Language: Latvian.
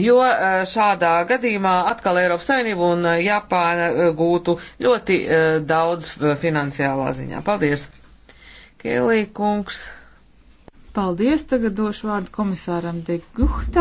jo eh, šādā gadījumā atkal Eiropas Savienība un eh, Japāna eh, gūtu ļoti daudz finansiālā ziņā. Paldies! Kēlī kungs! Paldies! Tagad došu vārdu komisāram Deguhtam.